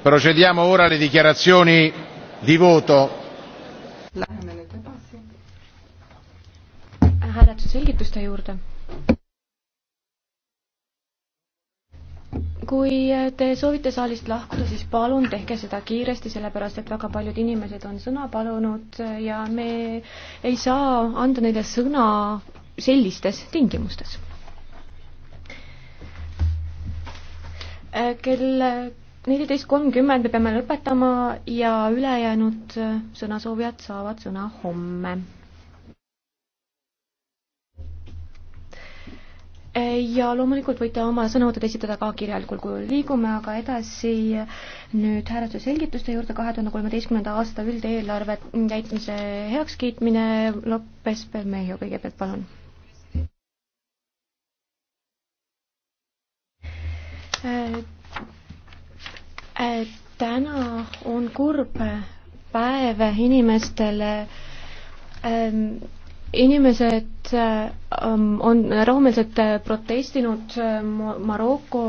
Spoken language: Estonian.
procediamo ora alle dichiarazioni di voto. Läheme nüüd edasi hääletuse selgituste juurde. kui te soovite saalist lahkuda, siis palun tehke seda kiiresti, sellepärast et väga paljud inimesed on sõna palunud ja me ei saa anda neile sõna sellistes tingimustes. Äh, kell neliteist kolmkümmend me peame lõpetama ja ülejäänud sõnasoovijad saavad sõna homme. ja loomulikult võite oma sõnavõtud esitada ka kirjalikul kujul. liigume aga edasi nüüd hääletuse selgituste juurde. kahe tuhande kolmeteistkümnenda aasta üldeelarve täitmise heakskiitmine. Lopes Bermejo kõigepealt, palun. et täna on kurb päev inimestele. Ähm, inimesed ähm, on rahumeelselt protestinud ähm, Maroko